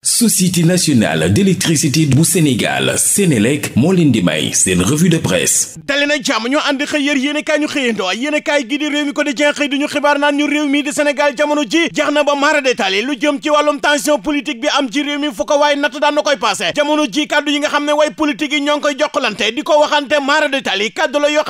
société nationale d'électricité bu Sénégal Sénélec moo leen di may seen revue de presse dali na jàmm ñoo ànd xëy yér yéen i kaay ñu xëyandoo yéen i kaay gi di réew mi ko di jen xëy duñu xibaar naan ñu réew mi di Sénégal jamono ji jax na ba mara détaali lu jëm ci wàllum tension politique bi am ci réew mi fu ko waaye natt daan na koy passé jamono ji kàddu yi nga xam ne way politique yi ñoo ngi koy jokkalante di ko waxante mara détaali kàddu la yoo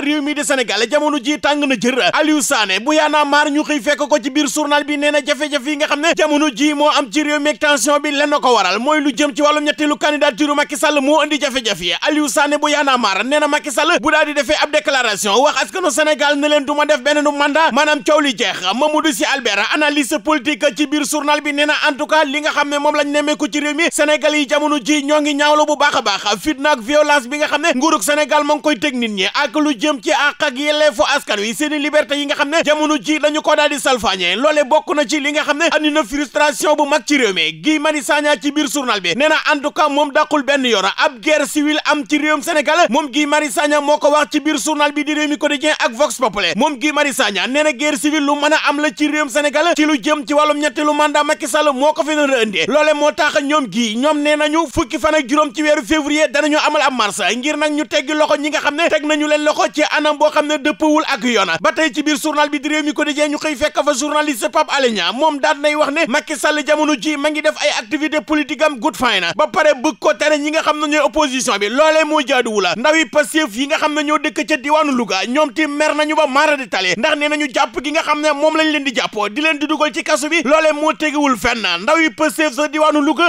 xibaar réew mi di Sénégal jamono ji tàng na jër Aliou Sané bu yaanaa maar ñu xëy fekk ko ci biir journal bi nee na jafe-jafe yi nga xam ne jamono ji moo am ci réew mi ak tension bi lenn ko waral mooy lu jëm ci ñeteelu ñetteelu candidature Macky Sall moo indi jafe-jafe yi Aliou Sané bu yaanaa maar nee na Macky Sall bu daal di defee ab déclaration wax askanu Sénégal ne leen du ma def benn nu mandat maanaam coow li jeex Mamadou Sy Albert analyse politique ci biir journal bi nee na en tout cas li nga xam ne moom lañ nemmeeku ci réew mi Sénégal ñoo ngi ñaawlu bu baax a baax fitna ak bi nga xam ne nguurug Sénégal moo ngi koy teg nit ak lu jëm jëm ci àq ak yelleefu askan wi seen i liberté yi nga xam ne jamono ji dañu ko daal di salfaañe bokk na ci li nga xam ne andi na frustration bu mag ci réew mi Guy Marius Sagna ci biir journal bi nee na en moom dàqul benn yoon ab guerre civile am ci réewum Sénégal moom gi Marius Sagna moo ko wax ci biir journal bi di Rewmi Quotidien ak Vox Populi moom Guy Marius Sagna nee na guerre lu mën a am la ci réewum Sénégal ci lu jëm ci wàllum ñetteelu mandat Macky Sall moo ko fi doon indi loole moo tax ñoom gii ñoom nee nañu fukki fan ak juróom ci weeru février danañu amal ab nga xam ne teg nañu leen ci anam boo xam ne dëppawul ak yoon ba tey ci biir journal bi di réew mi quotidien ñu xëy fekk fa journaliste Pape Alé Niang moom daat nay wax ne Macky Sall jamono ji ma ngi def ay activité politique am good fine ba pare bëgg ko tere ñi nga xam ne ñooy opposition bi loolee moo jaaduwu la ndaw yi Pastef yi nga xam ne ñoo dëkk ca diwaanu Louga ñoom ti mer nañu ba mara di tale ndax nee nañu jàpp di nga xam ne moom lañ leen di jàppoo di leen di dugal ci kasu bi loolee moo tegiwul fenn ndaw yi Pastef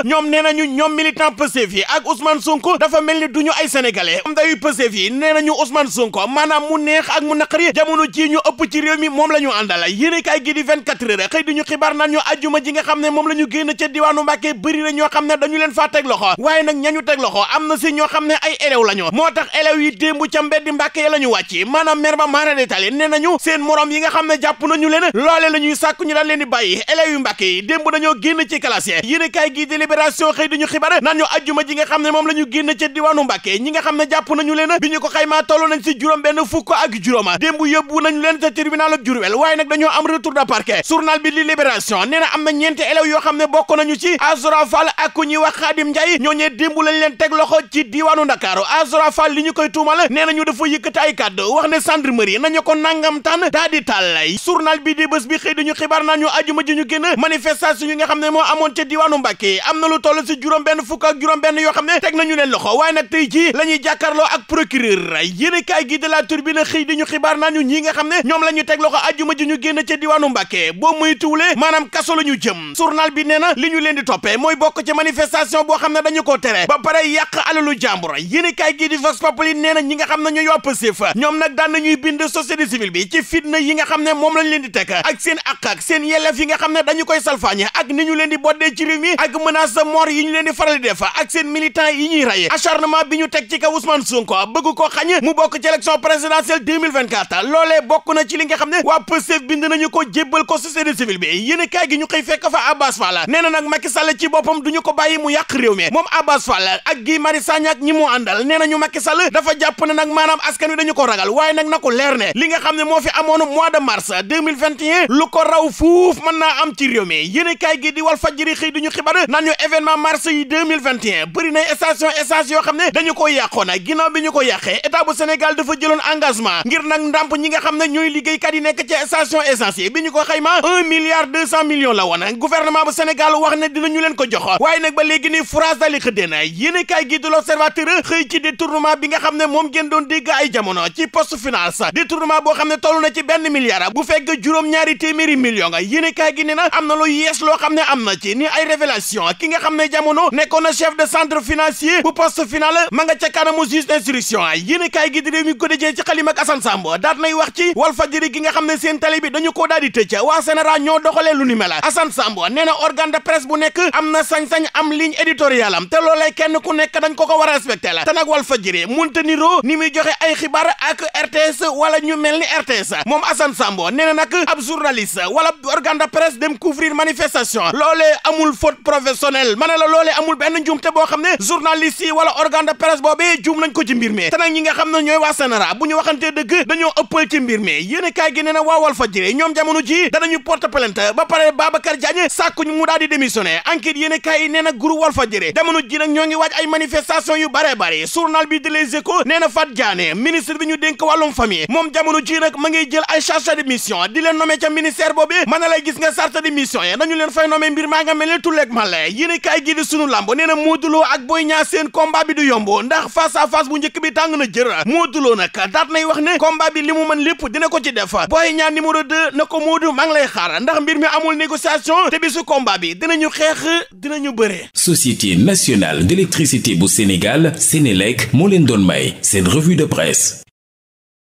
ñoom nee nañu ñoom militant Pastef yi ak Sonko dafa mel ni duñu ay sénégalais ndaw yi Pastef yi nee nañu Ousmane Sonko maanaam mu neex ak mu naqari jamono ji ñu ëpp ci mi moom la ñu àndala yéenekaay gi di 24 heures xëy di ñu xibaar naan ñu ajjuma ji nga xam ne moom la ñu génn ca diwaanu Mbàkke bëri na ñoo xam ne dañu leen faa teg loxo waaye nag na si ñoo moo tax élèves yi démb ca mbeddi Mbàkke la ñu wàcc maanaam mer ba maara détali nga xam ne jàpp nañu leen loole la ñu daan leen ci classe yi yéenekaay gi di Libération xëy ñu xibaar naan ñu ajjuma ji nga xam ne moom la ñu génn ca diwaanu Mbàkke ñi nga xam ne jàpp benn fukk ak juróoma démb ne bokk nañu ci Azra Fall ak ku ñuy wax Xaadim Njaay ñooñee démb ñu koy tuumal nee nañu dafa yëkkati ay kàddu wax ne gendarmerie nañu ko nangam tànn daa di tàllay journal bi di bés bi xëy dañu xibaar fukk ak juróom benn yoo xam ne teg nañu leen loxo waaye nag tey ji la ñuy jàkkaarloo ak procureur yéene kaay gi libérateur bi la xëy di ñu xibaar naa ñu ñi nga xam ne ñoom la ñu teg loxo ajjuma ji ñu génn ca diwaanu Mbàkke boo muy tuwulee maanaam kaso la ñu jëm journal bi nee na li ñu leen di toppee mooy bokk ci manifestation boo xam ne dañu ko tere ba pare yàq alalu lu yéen kaay gii di Vox Populi nee na ñi nga xam ne ñooy waa Pastef ñoom nag daan nañuy bind société civile bi ci fitna yi nga xam ne moom lañ leen di teg ak seen àq ak seen yelleef yi nga xam ne dañu koy salfaañe ak ni ñu leen di boddee ci réew mi ak menace yi ñu leen di faral di def ak seen militant yi ñuy rey acharnement bi ñu teg ci kaw Ousmane Sonko ko xañ mu bokk ci présidentielle 2024 loolee bokk na ci li nga xam ne waa Pastef bind nañu ko jébbal ko société civile bi yéen kaay gi ñu xëy fekk fa Abbas Fall nee na nag Macky Sall ci boppam du ñu ko bàyyi mu yàq réew mi moom Abbas Fall ak Guy Marius Sagna ñi mu àndal nee nañu Macky dafa jàpp ne nag maanaam askan wi dañu ko ragal waaye nag na leer ne li xam ne moo fi amoon mois de mars 2021 lu ko raw fuuf mën naa am ci réew mi yéen kaay gi di Walf Fadjri xëy duñu ñu événement mars yi 2021 na station essence yoo xam jëloon engagement ngir nag ndàmp ñi nga xam ne ñooy liggéeykat yi nekk ci station essence bi ñu ko xayma un milliard deux cent la woon gouvernement bu Sénégal wax ne dinañu leen ko jox waaye nag ba léegi ni France dali xëddeen yéen a kaay gi du l'observateur xëy ci détournement bi nga xam ne moom ngeen doon dégg ay jamono ci poste finance détournement boo xam ne toll na ci benn milliard bu fekk juróom-ñaari téeméeri million nga yéen a kaay na am na lu yees quotidien ci xalim ak Assane Samb daat nay wax ci Walf Fadjri gi nga xam ne seen télé dañu koo daal waa sénéra ñoo doxalee ni mel Assane Samb nee na organe de presse bu nekk am na sañ-sañ am ligne éditoriale am te loolee kenn ku nekk dañ ko ko war a respecté la te nag Walf Fadjri munta niroo ni muy joxe ay xibaar ak RTS wala ñu mel ni RTS moom Assane Samb nee na nag ab journaliste wala organe de presse dem couvrir manifestation loolee amul faute professionnelle ma ne la loolee amul benn njuumte xam ne journaliste yi wala organe ko ci mbir nga xam ne ñooy waa sénéra bu ñu waxantee dëgg dañoo ëppal ci mbir mi yéen kaay gi nee na waawal fa ñoom jamono ji danañu porte plainte ba pare Babacar Diagne sàkku ñu mu daal di démissionné enquête yéen kaay yi nee na groupe wal fa ji na ñoo ngi waaj ay manifestation yu bare bare journal bi de Les Échos nee na Fat Diané ministre bi ñu denk wàllum famille moom jamono ji nag ma ngi jël ay chargé de mission di leen nommé ca ministère boobu mën na lay gis nga charte de mission yi dañu leen fay nommé mbir maa nga mel ne tulleeg male yéen kaay gi di sunu lamb nee na Modou Lo ak Boy Niang seen combat bi du yomb ndax na jër Modou Lo nag daat nay wax ne combat bi li mu mën lépp dina ko ci def Boy Niang numéro 2 na ko Modou maa ngi lay xaar ndax mbir mi amul négociation te bisu combat bi dinañu xeex dinañu bëree. Société nationale d'électricité bu Sénégal Sénélec moo leen doon may seen revue de presse.